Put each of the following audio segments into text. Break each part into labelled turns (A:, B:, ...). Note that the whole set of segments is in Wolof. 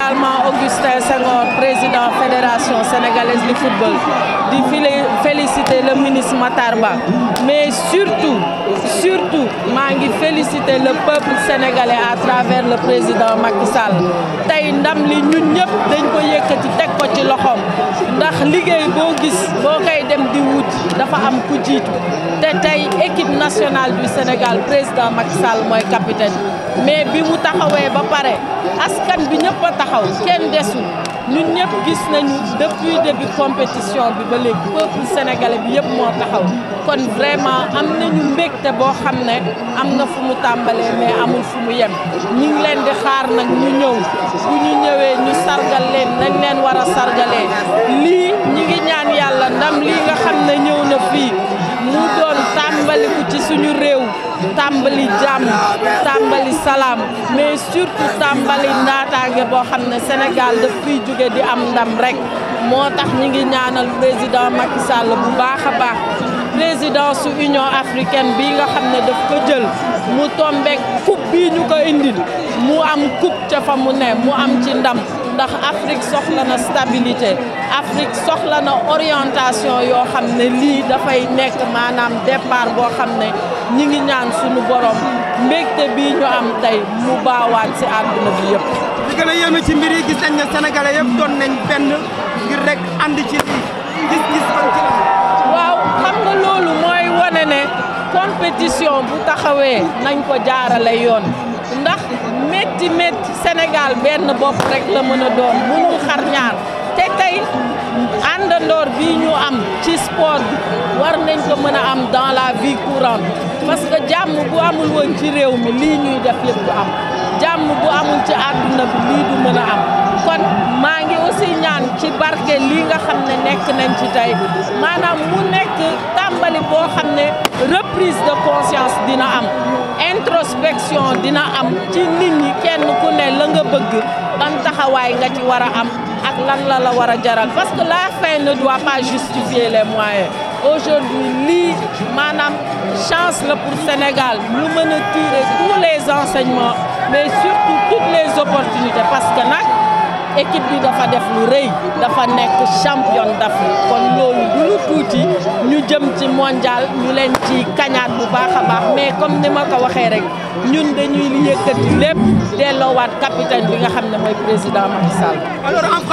A: également Augustin Senghor président fédération sénégalaise de football di féliciter le ministre Matar Ba mais surtout surtout maa ngi féliciter le peuple sénégalais à travers le président Macky Sall tey ndam li ñun ñëpp dañ ko yëkkati teg ko ci dafa am ku jiitu te tey équipe nationale du Sénégal président Macky Sall mooy capitaine mais bi mu taxawee ba pare askan bi ñëpp a taxaw kenn desul ñun ñëpp gis nañu depuis début compétition bi ba léegi peuple sénégalais bi yëpp moo taxaw kon vraiment am nañu te boo xam ne am na fu mu tàmbalee mais amul fu mu yem ñu ngi leen di xaar nag ñu ñëw bu ñu ñëwee ñu sargal leen nañ leen war a sargalee lii ñi ngi ñaan yàlla ndam lii nga xam ne ñëw suñu réew tàmbali jàmm tàmbali salaam mais surtout tàmbali naataange boo xam ne Sénégal daf fiy jóge di am ndam rek moo tax ñi ngi ñaanal président Macky Sall bu baax a baax président su Union africaine bi nga xam ne dafa ko jël mu tombeek coupe ñu ko indil mu am coupe ca fa mu ne mu am ci ndam ndax Afrique soxla na stabilité Afrique soxla na orientation yoo xam ne lii dafay nekk maanaam départ boo xam ne ñi ngi ñaan suñu borom mbégte bii ñu am tey mu baawaat si àdduna bi yëpp. li gën ci mbir yi gis nañ ne sénégalais yëpp doon nañ benn ngir rek andi ci lii gis-gis ban ci waaw xam nga loolu mooy wane ne compétition bu taxawee nañ ko jaarale yoon. métti senegaal benn bopp rek la mën a doon mënul xar ñaar te tey àndandoor bii ñu am ci sport war nañ ko mën a am dans la vie courante parce que jàmm bu amul woon ci réew mi lii ñuy def yëpp am jàmm bu amul ci àdduna bi lii du mën a am kon maa ngi aussi ñaan ci barke lii nga xam ne nekk nañ ci tey maanaam mu nekk tàmbali boo xam ne reprise de conscience dina am introspection dina am ci nit kenn ku ne la bëgg ban taxawaay nga ci war a am ak lan la la war a jaral parce que la fin ne doit pas justifier les moyens lii maanaam chance la pour Sénégal lu mën a tirer tous les enseignements mais surtout toutes les opportunités parce que nag équipe bi dafa def lu rëy dafa nekk champion d'Afrique kon loolu du lu tuuti ñu jëm ci mondial ñu leen ci kañaat bu baax a baax mais comme ni ma ko waxee rek ñun dañuy yëkkati lépp delloowaat capitaine bi nga xam ne mooy président Macky Sall. alors en euh,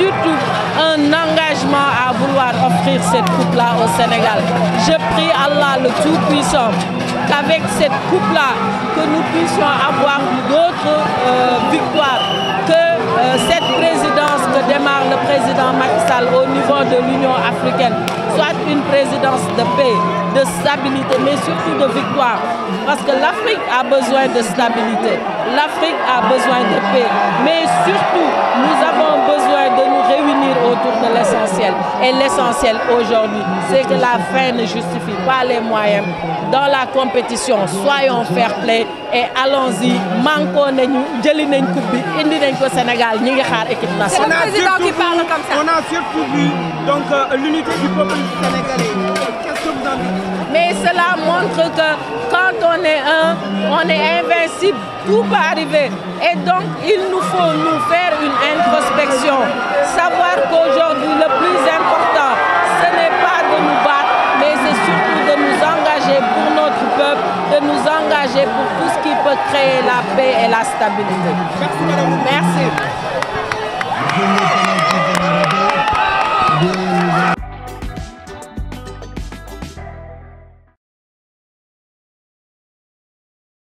A: surtout un engagement à vouloir offrir cette coupe au Sénégal. Je prie Allah le Tout-Puissant qu'avec cette coupe-là, que nous puissions avoir d'autres euh, victoires, que euh, cette présidence que démarre le président Macky au niveau de l'Union africaine soit une présidence de paix, de stabilité, mais surtout de victoire. Parce que l'Afrique a besoin de stabilité, l'Afrique a besoin de paix, l'essentiel. Et l'essentiel aujourd'hui, c'est que la fin ne justifie pas les moyens. Dans la compétition, soyons fair play et allons-y. Manquons nañu jëli nañ coupe bi indi nañ ko Sénégal ñi ngi xaar équipe nationale. C'est On a surtout vu donc euh, l'unité du peuple sénégalais. Qu'est-ce que vous montre que quand on est un, on est Et donc, il nous faut nous faire une introspection, savoir qu'aujourd'hui, le plus plus important, ce n'est pas de nous battre, mais c'est surtout de nous engager pour notre peuple, de nous engager pour tout ce qui peut créer la paix et la stabilité.